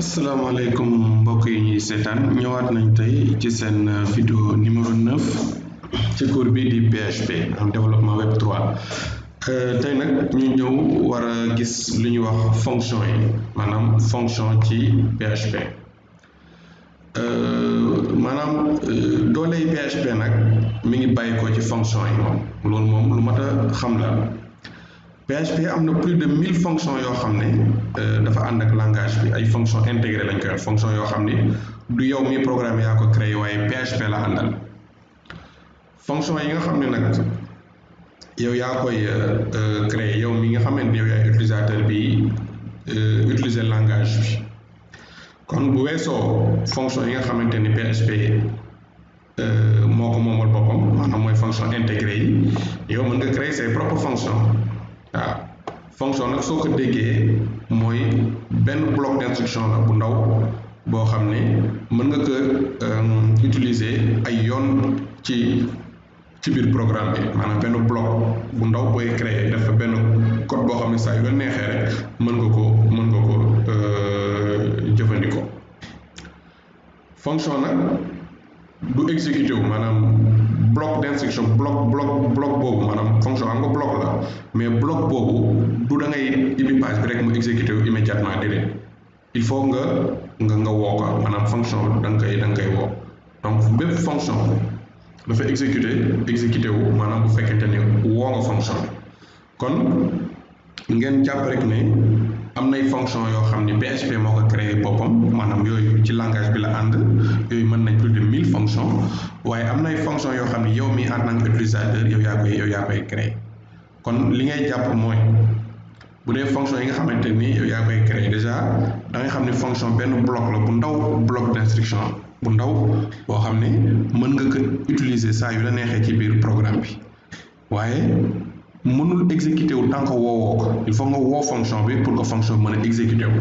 asalaamaaleykum mbokk yi ñuy seetaan ñëwaat nañ tey ci seen euh, vidéo numéro 9 ci cours bi di PHP en développement web 3 euh, tey nag ñu ñëw war a gis lu ñuy wax fonction yi maanaam fonction ci PHP euh, maanaam dooley PHP nag mu ngi bàyyi ko ci fonction yi moom loolu moom lu mat a xam la PHP am na plus de mille fonctions yoo xam ne euh, dafa ànd ak langage bi ay fonctions intégrées lañ koy wax yoo xam ne du yow mi programme yaa ko créé waaye PHP la àndal fonctions yi nga xam ne nag yow yaa koy euh, euh, créé yow mi nga xamante yow yaay bi utiliser langage kon bu weesoo fonctions yi nga xamante ni PHP moo ko moomal boppam maanaam mooy fonction intégrée yi yow mën nga créer say propres fonctions waaw fonction nag soo ko déggee mooy benn bloc d'instruction la bu ndaw boo xam ne mën nga ko euh, utiliser ay yoon ci ci biir programme bi maanaam benn bloc bu ndaw booy créer def benn code boo xam ne saa yoon la neexee rek mën nga ko mën nga ko euh, jëfandikoo fonction nag du exécuté wu maanaam restriction bloc bloc bloc boobu maanaam fonction am nga bloc la mais bloc boobu du da ngay ibi page bi rek mu exécuté wu immédiatement déedéet il faut nga nga nga woo ko maanaam fonction da nga koy da nga koy woo donc bépp fonction dafa exécuté exécuté wu maanaam bu fekkente ne woo nga fonction bi kon ngeen jàpp rek ne am nay fonction yoo xam ni PHP moo ko créé boppam maanaam yooyu ci langage bi la ànd yooyu mën nañ plus de mille fonctions waaye am nay fonction yoo xam ni yow mi en tant que utilisateur yow yaa koy yow yaa koy kon li ngay jàpp mooy bu dee fonction yi nga xamante nii yow yaa koy créé déjà da xam ni fonction benn bloc la bu ndaw bloc d'instruction bu ndaw boo xam ne mën nga ko utiliser saa yu la neexee ci biir programme bi waaye mënul exécuté wu tant que woowoo ko il faut nga woo fonction bi pour que fonction mën a exécuté wu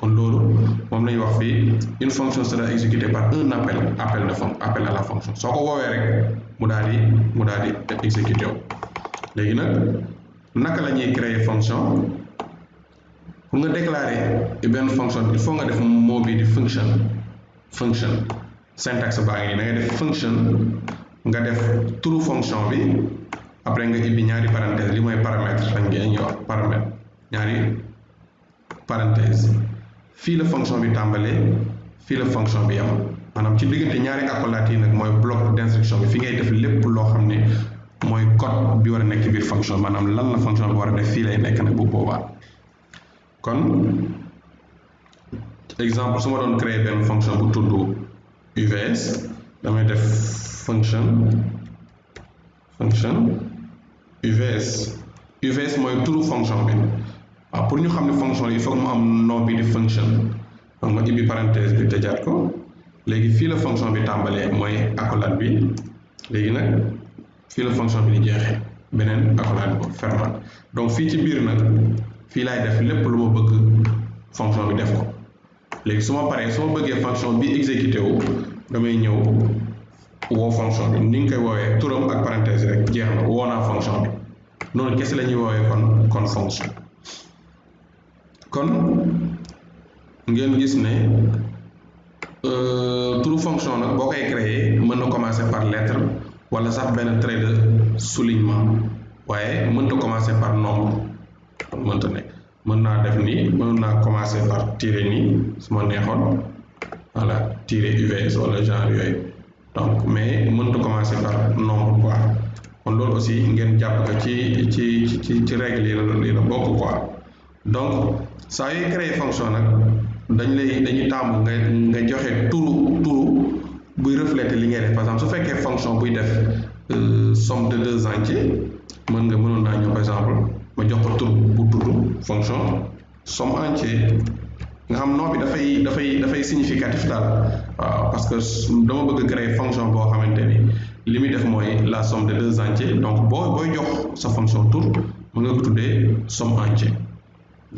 kon loolu moom lañuy wax fii une fonction sera exécutée par un appel appel de fon appel à la fonction soo ko woowee rek mu daal di mu daal di exécuté wu léegi nag naka la ñuy créer fonction pour nga déclarer benn fonction il faut nga def moo bi di function function syntaxe baa ngi nii da def function nga def turu fonction bi après nga ibbi ñaari parenthèse li mooy paramètre rek ngeen ñuy wax paramètre ñaari parenthèse fii la fonction bi tàmbalee fii la fonction bi yam maanaam ci diggante ñaari accolades yi nag mooy bloc d'instruction bi fi ngay def lépp loo xam ne mooy code bi war a nekk biir fonction manaam lan la fonction bi war a def fii lay nekk nag bu boobaa kon exemple su ma doon créer benn fonction bu tudd UVS damay def fonction fonction UVS UVS mooy turu fonction bi waaw pour ñu xam ne fonction yi il faut mu am nom bi di function donc ma parenthèse bi tëjaat ko léegi fii la fonction bi tàmbalee mooy accolade bi léegi nag fii la fonction bi di jeexee beneen accolade boobu fermaat donc fii ci biir nag fii laay def lépp lu ma bëgg fonction bi def ko léegi su ma paree su ma bëggee fonction bi exécuté wu damay ñëw woo fonction bi ni nga koy woowee turam ak parenthèse rek jeex na woo naa fonction bi noonu kese la ñuy woowee kon kon fonction kon ngeen gis ne euh, turu fonction nag boo koy créer mën na commencer par lettre wala sax benn trait de soulignement waaye mënta commencer par nombre mënta ne mën naa def nii mën naa commencer par tiret nii suma ma neexoon voilà tiret UVS wala genre yooyu donc mais mënut commencé commencer par nombre quoi kon loolu aussi ngeen jàpp ko ci ci ci ci règle yi la yi la bokk quoi donc saa yooy créer fonction nag dañ lay dañu tàmm nga nga joxe turu turu buy refléter li ngay def par exemple su fekkee fonction buy def euh, somme de deux entiers mën nga mënoon naa ñëw par exemple ma jox ko tur bu tudd fonction somme entier nga xam noo bi dafay dafay dafay significatif daal waaw parce que dama bëgg créer fonction boo xamante ni li muy def mooy la somme de deux entiers donc boo booy jox sa fonction tour mën nga ko tuddee somme entier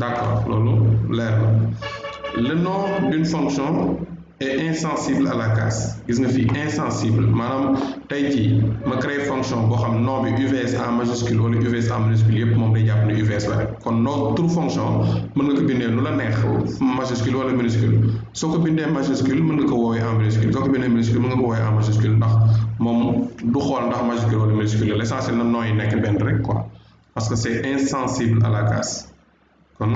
d'accord loolu leer na le d'une fonction est insensible à la casse gis nga fii insensible maanaam tey jii ma créé fonction boo xam nom bi UVS en majuscule wala UVS en minuscule yépp moom day jàpp ne UVS la rek kon noo tur fonction mën nga ko bindee lu la neex majuscule wala minuscule soo ko bindee majuscule mën nga ko woowee en minuscule soo ko bindee minuscule mën nga ko majuscule ndax moom du xool ndax majuscule wala minuscule l'essentiel na noo yi nekk benn rek quoi parce que c'est insensible à la casse kon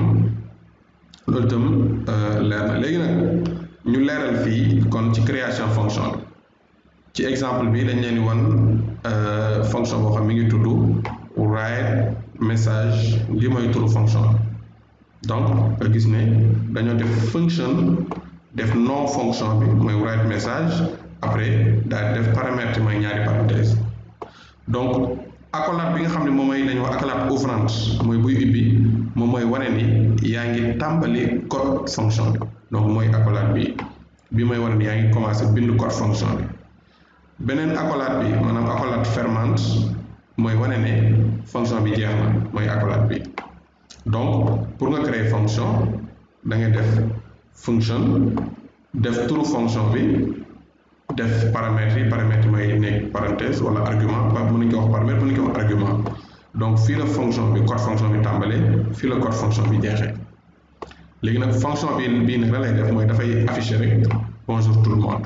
loolu itam euh, leer na léegi ñu leeral fii kon ci création fonction bi ci exemple bi dañ leen wan euh, fonction boo xam mi ngi tudd write message li mooy turu fonction donc gis ne dañoo def function def fonction bi mooy write message après daal def paramètre mooy ñaari parenthèse donc accolade bi nga xam ne moom mooy lañu wax accolade mooy buy ubbi moom mooy wane ni yaa ngi tàmbali code fonction bi donc mooy accolade bi bi mooy war yaa ngi commencé bind code fonction bi beneen accolade bi maanaam accolade fermante mooy wane ne fonction bi jeex na mooy accolade bi donc pour nga créer fonction da ngay def function def turu fonction bi def paramètres yi paramètres yi nekk parenthèse wala argument mën nañu ko wax paramètre mën nañu ko wax argument donc fii la fonction bi code fonction bi tàmbalee fii la code fonction bi jeexee léegi nag fonction bi bii nag la lay def mooy dafay affiché rek bonjour tout le monde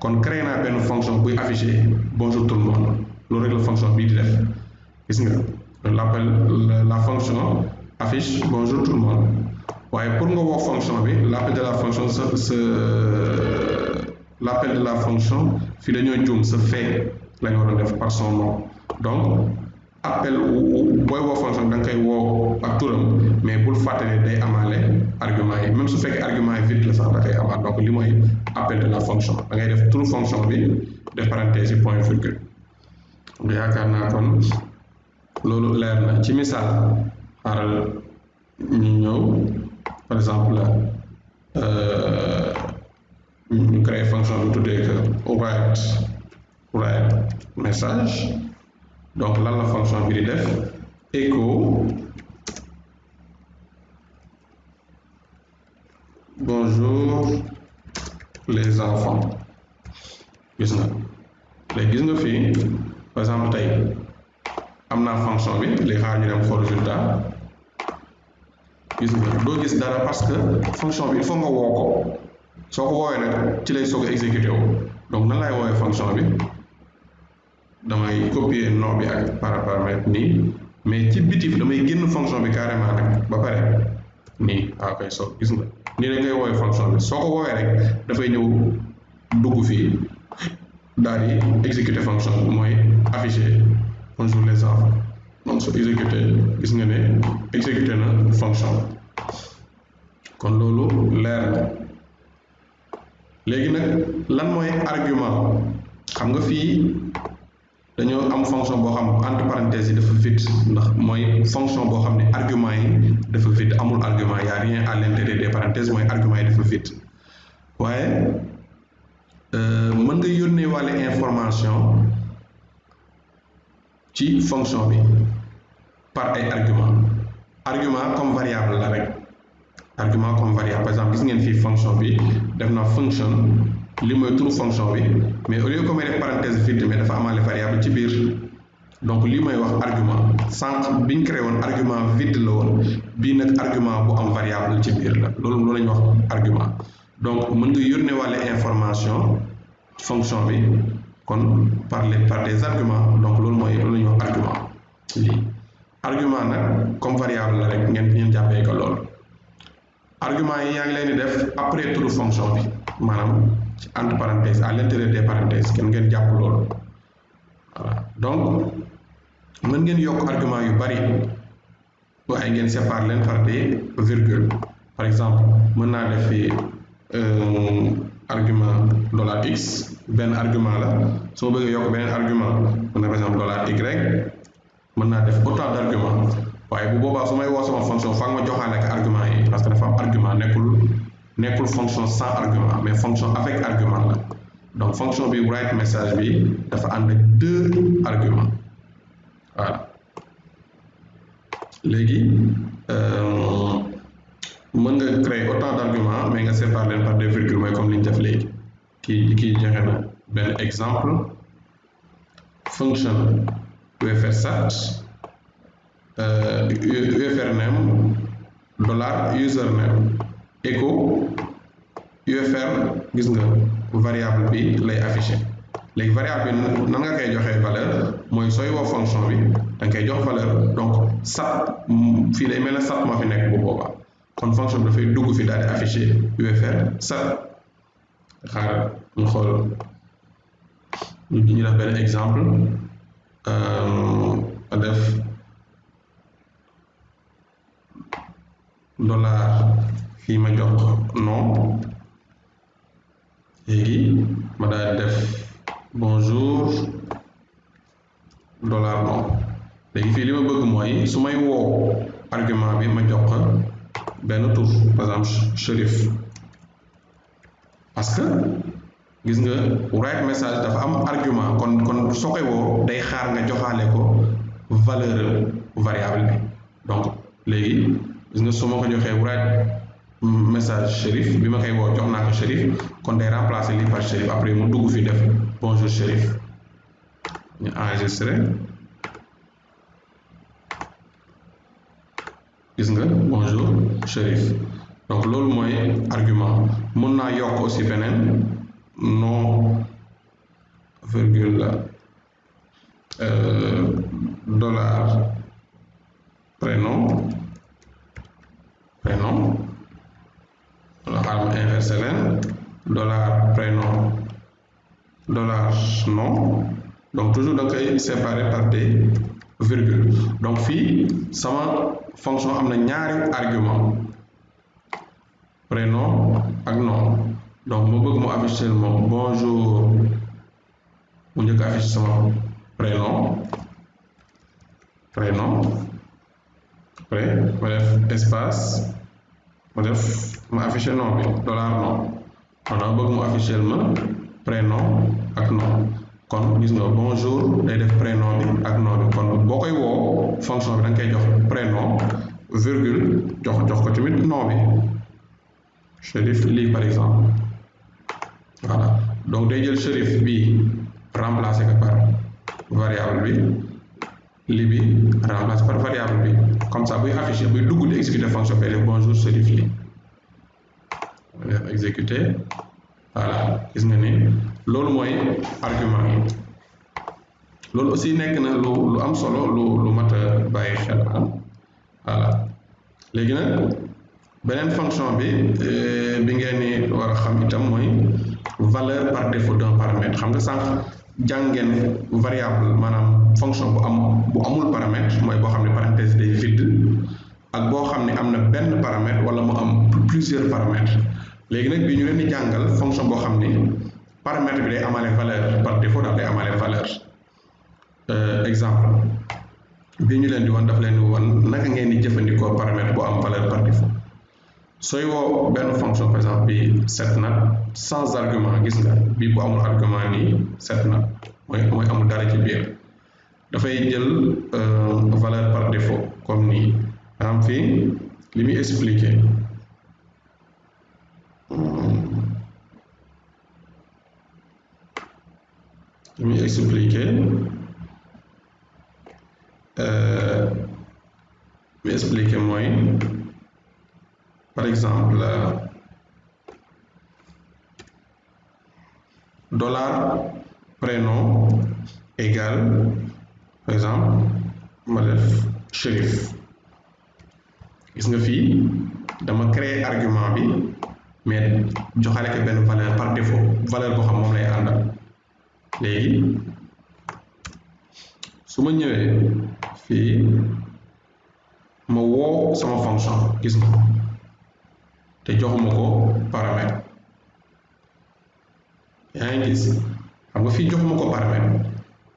kon créé naa benn fonction buy afficher bonjour tout le monde loolu rek la fonction bi di def gis nga on la fonction affiche bonjour tout le monde waaye pour nga woo fonction bi l'appel la fonction sa la l'appel de la fonction fii dañoo juum sa fait la ñu war a def par son nom donc appel booy woo fonction da nga koy woo ak turam mais bul fàtte ne day amaale argument yi même su fekkee argument yi vite la sax da koy amaat donc li mooy appel de la fonction da ngay def turu fonction bi def parenthèse yi point virgule nga yaakaar naa leer na ci misaal xaaral ñu ñëw par exemple euh, ñu créé fonction bi tuddee que write write message donc lan la fonction bi di def écho bonjour les enfants gis nga léegi gis nga fii par exemple tey am naa fonction bi léegi xaar ñu dem xool résultat gis nga doo gis dara parce que fonction bi il faut nga woo ko soo ko woowee nag ci lay soog a exécuté wu donc nan laay woowee fonction bi damay copier nom bi ak paramètre nii mais ci biti damay génn fonction bi carrément nag ba pare nii waaw ah, kay so gis nga nii la ngay woowee fonction bi soo ko woowee rek dafay ñëw dugg fii daal di fonction bi mooy afficher bonjour les enfants donc soo exécuter gis nga ne exécuter na fonction kon loolu leer na léegi nag lan mooy argument xam nga fii dañoo am fonction boo xam entre parenthèses yi dafa vide ndax mooy fonction boo xam ne argument yi dafa vide amul argument y a rien à l'intérieur des parenthèses mooy argument yi dafa vide waaye euh, mën nga yónnee wàlle information ci fonction bi par ay argument argument comme variable la rek argument comme variable par exemple gis ngeen fii fonction bi def na fonction li mooy turu fonction bi mais au lieu que may def parenthèse vide mais dafa amaale variable ci biir donc lii may wax argument sànq bi ñu créé woon argument vide la woon bii nag argument bu am variable ci biir la loolu loolu la ñu wax argument donc mën nga yónnee wàlle information fonction bi kon par les par des arguments donc loolu mooy loolu la ñuy wax argument lii argument nag comme variable la rek ngeen ngeen jàppee ko loolu argument yi yaa ngi leen di def après turu fonction bi ci entre parenthèses à l'intérieur des parenthèses kenn ngeen jàpp loolu donc mën ngeen yokk argument yu bari waaye ngeen séparer leen par des virgules par exemple mën naa def fi euh, argument dollar x benn argument la soo bëggee yokk beneen argument mën na par exemple dollar rek mën naa def autant d'argument waaye bu boobaa su may woo sama fonction faa nga ma joxaale ak argument yi parce que dafa am argument nekkul nekkul fonction sans argument mais fonction avec argument la donc fonction bi write message bi dafa ànd ak deux arguments voilà léegi euh, mën nga créer autant d' arguments mais nga séparer leen par des virgules mooy comme li ñu def léegi kii kii joxe na benn exemple function ufr sat ufr euh, name dollar username écho UFR gis nga variable bi lay affiché léegi variable bi nan nga koy joxe valeur mooy soy woo fonction bi da koy jox valeur donc sat fii day mel ne sat moo fi nekk bu boobaa kon fonction bi dafay dugg fi dal di affiché UFR sat xaaral ñu xool ñu def benn exemple euh, def dollar fii ma jox nom léegi ma daal def bonjour dollar nom léegi fii li ma bëgg mooy su may woo argument bi ma jox benn tur par exemple Chérif que gis nga write message dafa am argument kon kon soo koy woo day xaar nga joxaale ko valeur variable bi donc léegi gis nga su ko joxee write Mm-hmm. message Chérif bi ma koy woo jox naa ko Chérif kon day remplacer lii par Chérif après mu dugg fi def bonjour Chérif ñu enregistré bonjour Chérif donc loolu mooy argument mën naa yokk aussi beneen non virgule euh, dollar prénom prénom wala xaaral ma inversé leen dollar prénom dollar nom donc toujours da koy séparer par des virgule donc fii sama fonction am na ñaari argument prénom ak nom donc moo bëgg mu afficher moom bonjour mu njëkk affiche sama prénom prénom après ma def espace ma def ma affiché nom bi dollar nom kon dama bëgg mu affiché ma prénom ak nom kon gis nga bonjour day def prénom bi ak nom bi kon boo koy woo fonction bi da nga koy jox prénom virgule jox jox ko tamit nom bi Chérif lii par exemple voilà donc day jël Chérif bi remplacé ko par variable bi. li bi remplace par variable bi comme ça buy affiché buy dugg di exécuter fonction bi def bonjour Chérif li nga def exécuter voilà gis nga ni loolu mooy argument yi loolu aussi nekk na lu lu am solo lu lu mat a bàyyi xel ah voilà léegi nag beneen fonction bi euh, bi ngeen ni war a xam itam mooy valeur par défaut d'un paramètre xam nga sànq jàngeen variable maanaam fonction bu am bu amul paramètre mooy boo xam ne parenthèse day vide ak boo xam ne am na benn paramètre plusieurs léegi nag bi ñu leen di jàngal fonction boo xam ni paramètre bi day amaale valeur par défaut daal day amaale valeur euh, exemple bi ñu leen di wan daf leen di wan naka ngeen di jëfandikoo paramètre boo am valeur par défaut sooy woo benn fonction par exemple bi set na sans argument gis nga bii boo amul argument nii set na mooy mooy amul dara ci biir dafay jël euh, valeur par défaut comme nii am fii li muy expliqué li muy mi expliqué mooy par exemple dollar prénom égal par exemple ma def Chérif gis nga fi dama créer argument bi mais joxale ko benn valeur par défaut valeur boo xam moom lay àndal léegi su ma ñëwee fii ma woo sama fonction gis nga ko te joxuma ko paramètre yaa ngi gis xam nga fii joxuma ko paramètre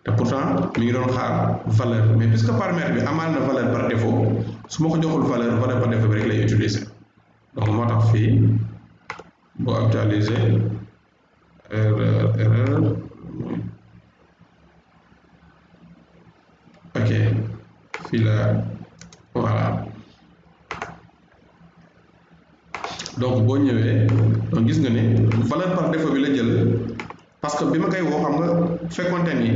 te pourtant mi ngi doon xaar valeur mais puisque paramètre bi amaal na valeur par défaut su ma ko joxul valeur valeur par défaut bi rek lay utiliser donc moo tax fii boo actualisé erreur erreur ok fii la voilà donc boo ñëwee donc gis nga ni valeur par défaut bi la jël parce que bi ma kay woo xam nga fekkonte ni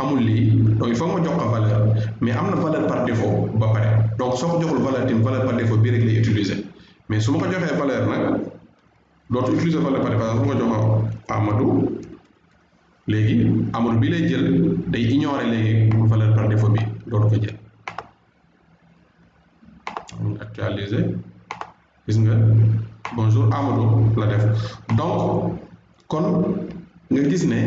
amul lii donc il faut jox ko valeur mais am na valeur par défaut ba pare donc soo ko joxul valeur tamit valeur par défaut bii rek lay utiliser mais su ma ko joxee valeur nag dootu utiliser valeur par référence bu nga jox Amadou léegi Amadou bi lay jël day ignorer léegi valeur par défaut bi dootu ko jël am actualiser gis nga bonjour Amadou la def donc kon nga gis ne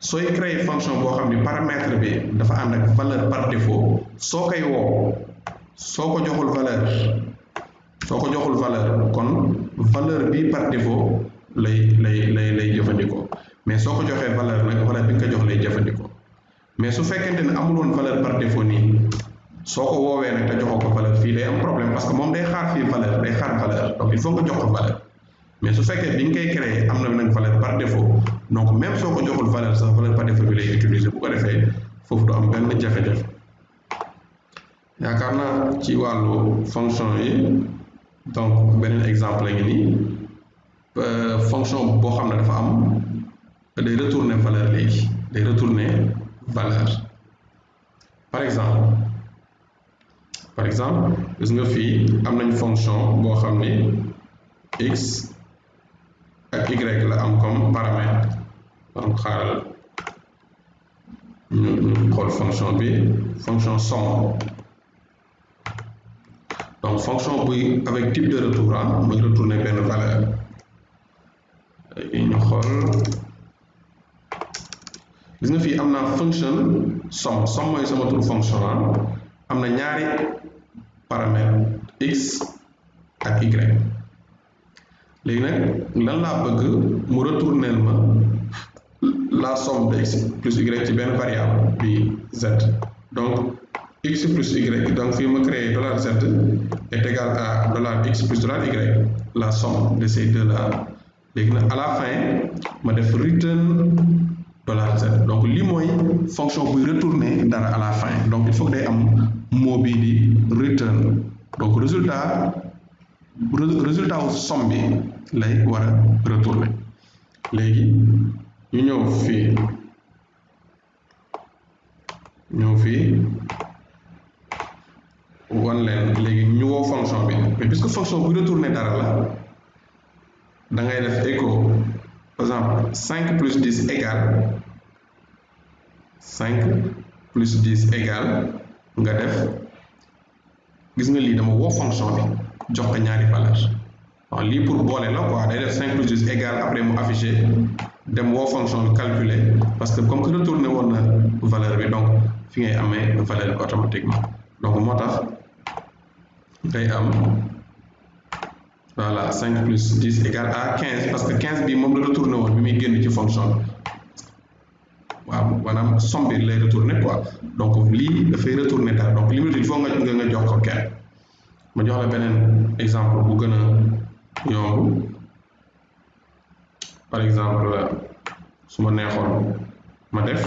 sooy créer fonction boo xam ne paramètre bi dafa ànd ak valeur par défaut soo koy woo soo ko joxul valeur soo ko joxul valeur kon valeur bi par défaut lay lay lay lay jëfandikoo mais soo ko joxee valeur nag valeur bi nga ko jox lay jëfandikoo mais su fekkente ne amul woon valeur par défaut nii soo ko woowee nag te joxoo ko valeur fii day am problème moom day xaar fii valeur day xaar valeur donc ko valeur su fekkee bi nga koy créer am na nag valeur par défaut donc même soo ko joxul valeur sax valeur par défaut bi lay utiliser bu ko defee foofu du am benn jafe-jafe yaakaar naa ci wàllu fonction yi donc beneen exemple la nii euh, fonction boo xam ne dafa am day retourner valeur léegi day retourner valeur par exemple par exemple gis nga fii am nañ fonction boo xam ne x ak y la am comme paramètre donc xaaral ñu ñu xool fonction bi fonction somme donc fonction buy avec type de retour ah muy benn valeur yi ñu xool gis nga fii am na fonction somme somme mooy sama tur fonction am na ñaari paramètre x ak y léegi nag lan laa bëgg mu retourneel ma la somme de x plus ci benn variable bi z donc x plus y donc fii ma créé dollar z est dollar x plus dollar y la somme de ces deux là léegi nag à la ma def return dollar z donc li mooy fonction buy retourner dara à donc il faut day am mot bii di return donc résultat résultat somme bi lay war retourner léegi ñu ñëw fii ñëw fii. won leen léegi ñu woo fonction bi mais puisque fonction bu retourné dara la da ngay def écho par exemple cinq plus dix égale cinq plus dix égale nga def gis nga lii dama woo fonction bi jox ko ñaari valeur waaw lii pour boole la quoi day def cinq plus dix après mu affiché dem woo fonction bi calculer parce que comme que retourné woon na valeur bi donc fi ngay amee valeur bi automatiquement donc moo tax day am voilà cinq plus 10 égale à 15 parce que 15 bii moom la retourné woon bi muy génn ci fonction bi waaw maanaam somme lay retourné quoi donc lii dafay retourné dara donc limite il faut nga nga jox ko kenn ma jox la beneen exemple bu gën a par exemple su ma neexoon ma def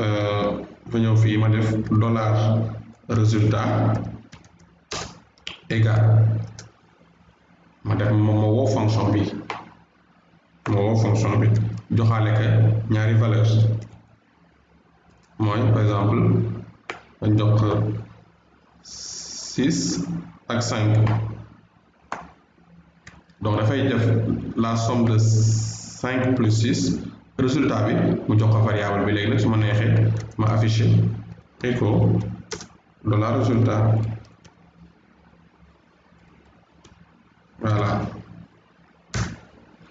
euh, ma ñëw fii ma def dollar résultat égal ma def moom ma woo fonction bi ma woo fonction bi joxaale ka ñaari valeurs mooy par exemple ma jox six ak cinq donc dafay def la somme de cinq plus six résultat bi mu jox ko variable bi léegi nag su ma neexee ma affiché echo dollar résultat voilà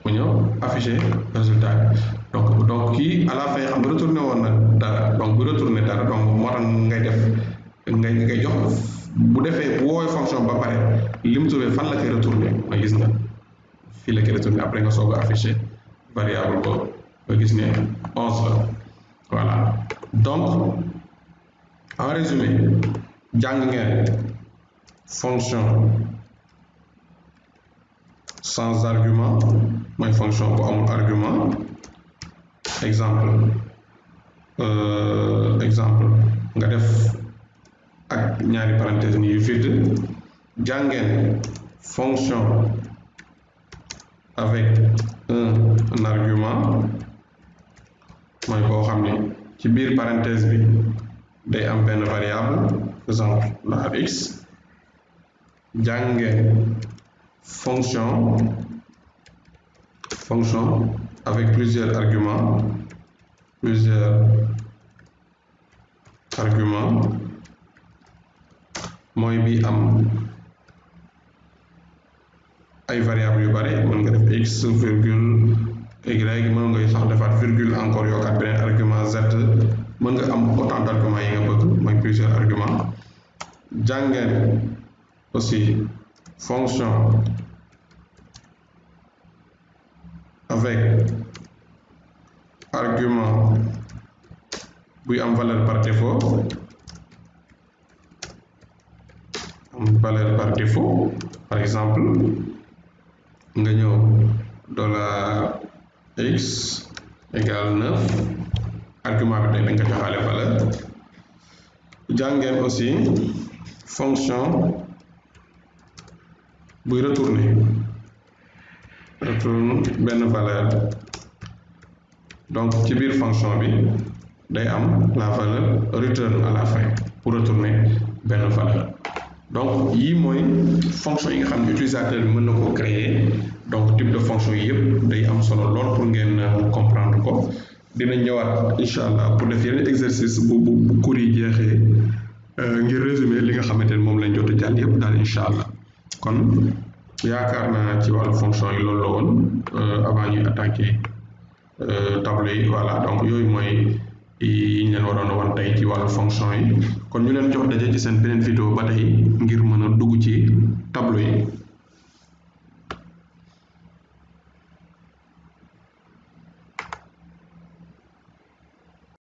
mu ñëw affiché résultat bi donc donc kii à la xam nga retourné woon na dara donc bu retourné dara donc moo tax ngay def ngay ngay jox bu defee bu woowee fonction ba pare li mu trouvé fan la koy retourné nga gis nga fii la koy retourné après nga soog a affiché variable boobu nga gis ne onze la voilà donc en résumé jàng ngeen fonction sans argument mooy fonction bu amul argument exemple euh, exemple nga def ak ñaari parenthèse ni yu vide jàngeen fonction avec un, argument mooy koo xam ne ci biir parenthèse bi day am benn variable exemple la x jàngeen fonction fonction avec plusieurs arguments plusieurs arguments mooy bi am ay variables yu bare mën nga def x virgule y mën ngay sax defaat virgule encore yokkaat beneen argument z mën nga am autant d'arguments yi nga bëgg mooy plusieurs arguments jàngeen aussi fonction avec argument buy am valeur par défaut am valeur par défaut par exemple nga ñëw dollar x égale 9 argument bi day nga joxaale valeur jàngeen aussi fonction buy retourner retourne benn valeur donc ci biir fonction bi day am la valeur return à la fin pour retourner benn valeur donc yii mooy fonction yi nga xam ne utilisateur bi mën na ko créer donc type de fonction yi yëpp day am solo lool pour ngeen comprendre ko dina ñëwaat incha allah pour def yeneen exercice bu bu bu cours yi jeexee euh, ngir résumer li nga xamante ne moom lañ jot a jàll yëpp daal incha allah kon yaakaar na ci wàllu fonction yi loolu la woon euh, avant ñuy attaqué euh, tableau yi voilà donc yooyu mooy i ñu leen waroon a wan tey ci wàllu fonction yi kon ñu leen jox daje ci seen beneen vidéo ba tey ngir mën a dugg ci tableau yi